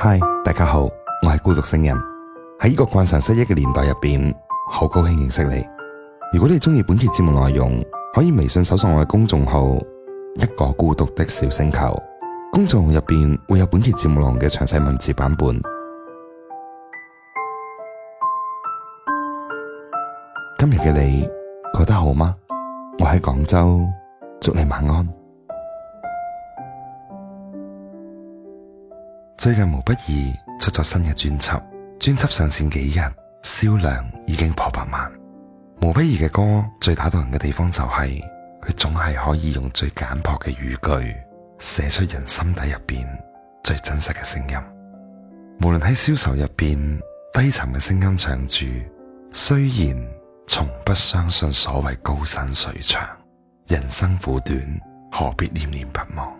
嗨，Hi，大家好，我係孤獨星人。喺呢個慣常失憶嘅年代入邊，好高興認識你。如果你中意本期節，節目內容，可以微信搜索我嘅公眾號一個孤獨的小星球。公眾號入邊會有本期節，節目內容嘅詳細文字版本。今日嘅你覺得好嗎？我喺廣州，祝你晚安。最近毛不易出咗新嘅專輯，專輯上線幾日銷量已經破百萬。毛不易嘅歌最打動人嘅地方就係，佢總係可以用最簡樸嘅語句，寫出人心底入邊最真實嘅聲音。無論喺消愁入邊低沉嘅聲音唱住，雖然從不相信所謂高山水長，人生苦短，何必念念不忘？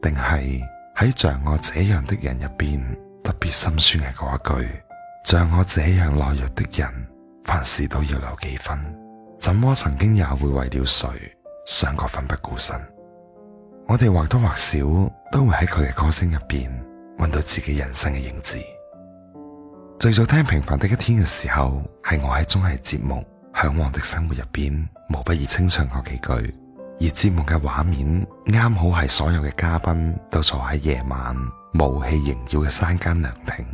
定係？喺像我這樣的人入邊，特別心酸嘅嗰句，像我這樣懦弱的人，凡事都要留幾分，怎麼曾經也會為了誰想過奮不顧身？我哋或多或少都會喺佢嘅歌聲入邊，揾到自己人生嘅影子。最早聽《平凡的一天》嘅時候，係我喺綜藝節目《向往的生活》入邊，毛不易清唱過幾句。而節目嘅畫面，啱好係所有嘅嘉賓都坐喺夜晚霧氣縈繞嘅山間涼亭，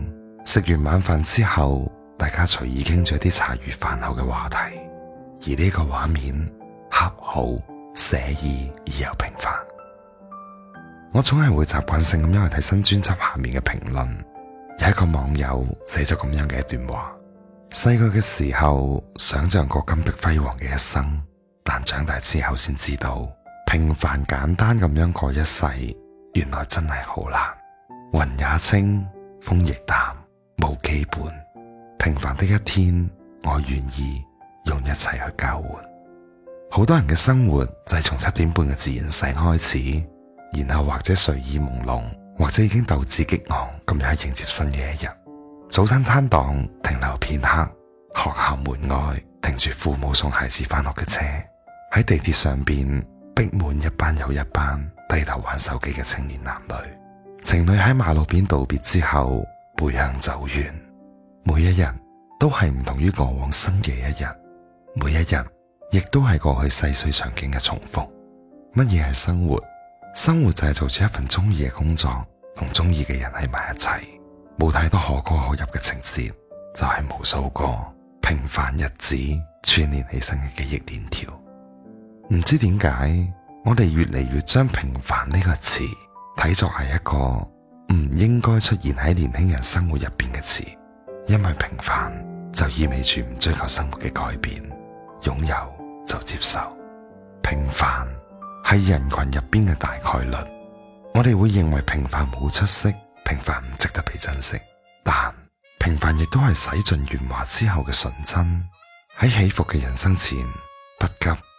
食完晚飯之後，大家隨意傾咗啲茶餘飯後嘅話題。而呢個畫面，恰好寫意而又平凡。我總係會習慣性咁樣去睇新專輯下面嘅評論，有一個網友寫咗咁樣嘅一段話：細個嘅時候，想象過金碧輝煌嘅一生。但長大之後先知道，平凡簡單咁樣過一世，原來真係好難。雲也清，風亦淡，無羈絆。平凡的一天，我願意用一切去交換。好多人嘅生活就係從七點半嘅自然醒開始，然後或者睡意朦朧，或者已經鬥志激昂，咁樣去迎接新嘅一日。早餐攤檔停留片刻，學校門外停住父母送孩子返學嘅車。喺地鐵上邊，逼滿一班又一班低頭玩手機嘅青年男女。情侶喺馬路邊道別之後，背向走遠。每一日都係唔同於過往新嘅一日，每一日亦都係過去細碎場景嘅重複。乜嘢係生活？生活就係做住一份中意嘅工作，同中意嘅人喺埋一齊。冇太多可歌可泣嘅情節，就係無數個平凡日子串聯起身嘅記憶鏈條。唔知點解，我哋越嚟越將平凡呢個詞睇作係一個唔應該出現喺年輕人生活入邊嘅詞，因為平凡就意味住唔追求生活嘅改變，擁有就接受。平凡係人群入邊嘅大概率，我哋會認為平凡冇出息，平凡唔值得被珍惜。但平凡亦都係洗盡鉛華之後嘅純真，喺起伏嘅人生前，不急。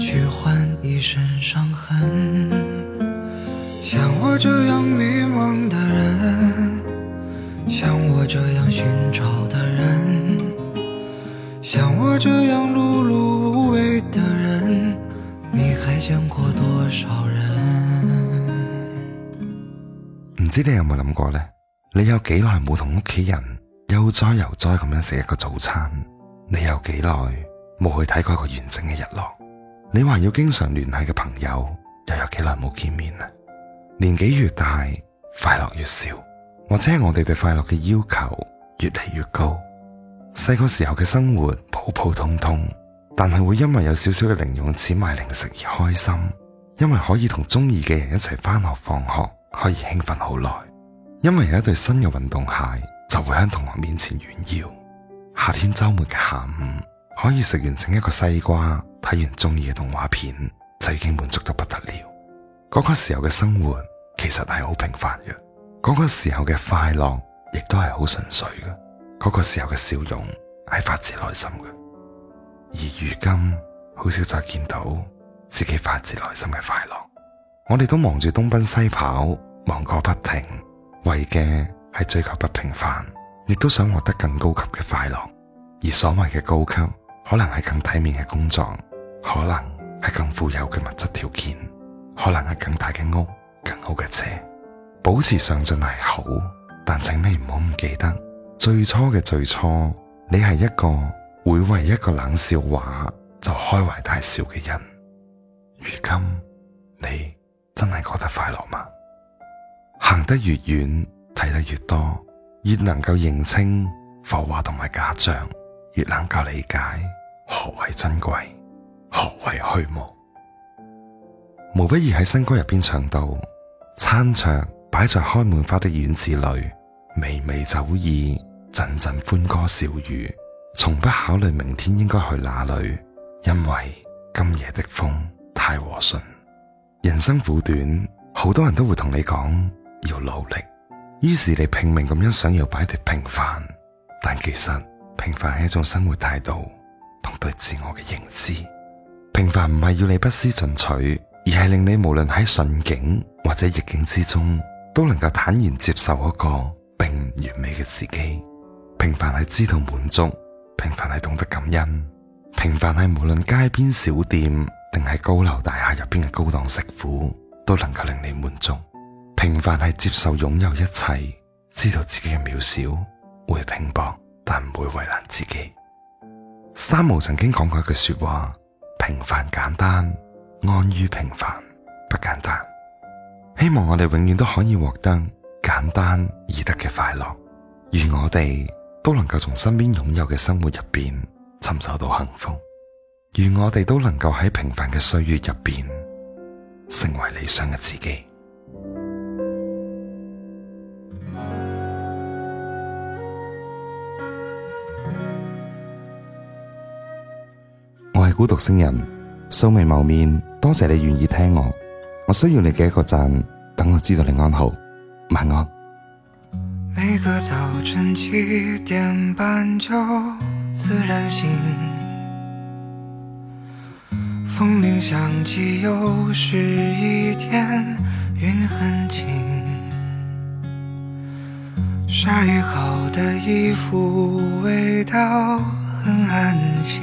去換一身傷痕，像我這樣迷茫的人，像我這樣尋找的人，像我這樣碌碌無為的人，你還見過多少人？唔知你有冇諗過呢？你有幾耐冇同屋企人悠哉悠哉咁樣食一個早餐？你有幾耐冇去睇過一個完整嘅日落？你還要經常聯繫嘅朋友又有幾耐冇見面啦？年紀越大，快樂越少，或者係我哋對快樂嘅要求越嚟越高。細個時候嘅生活普普通通，但係會因為有少少嘅零用錢買零食而開心，因為可以同中意嘅人一齊返學放學，可以興奮好耐，因為有一對新嘅運動鞋就會喺同學面前炫耀。夏天週末嘅下午，可以食完整一個西瓜。睇完中意嘅動畫片就已經滿足得不得了。嗰個時候嘅生活其實係好平凡嘅，嗰個時候嘅快樂亦都係好純粹嘅。嗰個時候嘅笑容係發自內心嘅。而如今好少再見到自己發自內心嘅快樂，我哋都忙住東奔西跑，忙個不停，為嘅係追求不平凡，亦都想獲得更高級嘅快樂。而所謂嘅高級，可能係更體面嘅工作。可能係更富有嘅物質條件，可能係更大嘅屋，更好嘅車，保持上進係好，但請你唔好唔記得最初嘅最初，你係一個會為一個冷笑話就開懷大笑嘅人。如今你真係覺得快樂嗎？行得越遠，睇得越多，越能夠認清浮華同埋假象，越能夠理解何謂珍貴。何為虛無？毛不易喺新歌入邊唱到：餐桌擺在開滿花的院子裏，微微酒意，陣陣歡歌笑語，從不考慮明天應該去哪裏，因為今夜的風太和順。人生苦短，好多人都會同你講要努力，於是你拼命咁樣想要擺脱平凡，但其實平凡係一種生活態度同對自我嘅認知。平凡唔係要你不思進取，而係令你無論喺順境或者逆境之中都能夠坦然接受嗰個並唔完美嘅自己。平凡係知道滿足，平凡係懂得感恩，平凡係無論街邊小店定係高樓大廈入邊嘅高檔食府都能夠令你滿足。平凡係接受擁有一切，知道自己嘅渺小，會拼搏但唔會為難自己。三毛曾經講過一句說話。平凡簡單，安於平凡，不簡單。希望我哋永遠都可以獲得簡單易得嘅快樂，如我哋都能夠從身邊擁有嘅生活入邊，尋找到幸福。如我哋都能夠喺平凡嘅歲月入邊，成為理想嘅自己。孤獨星人，素未謀面，多謝你願意聽我。我需要你嘅一個讚，等我知道你安好。晚安。每個早晨七點半就自然醒，風鈴響起又是一天，雲很輕，曬好的衣服味道很安心。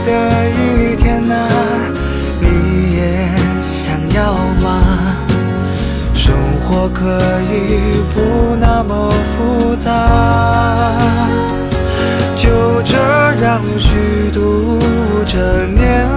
可以不那麼複雜， 就這樣虛度着年。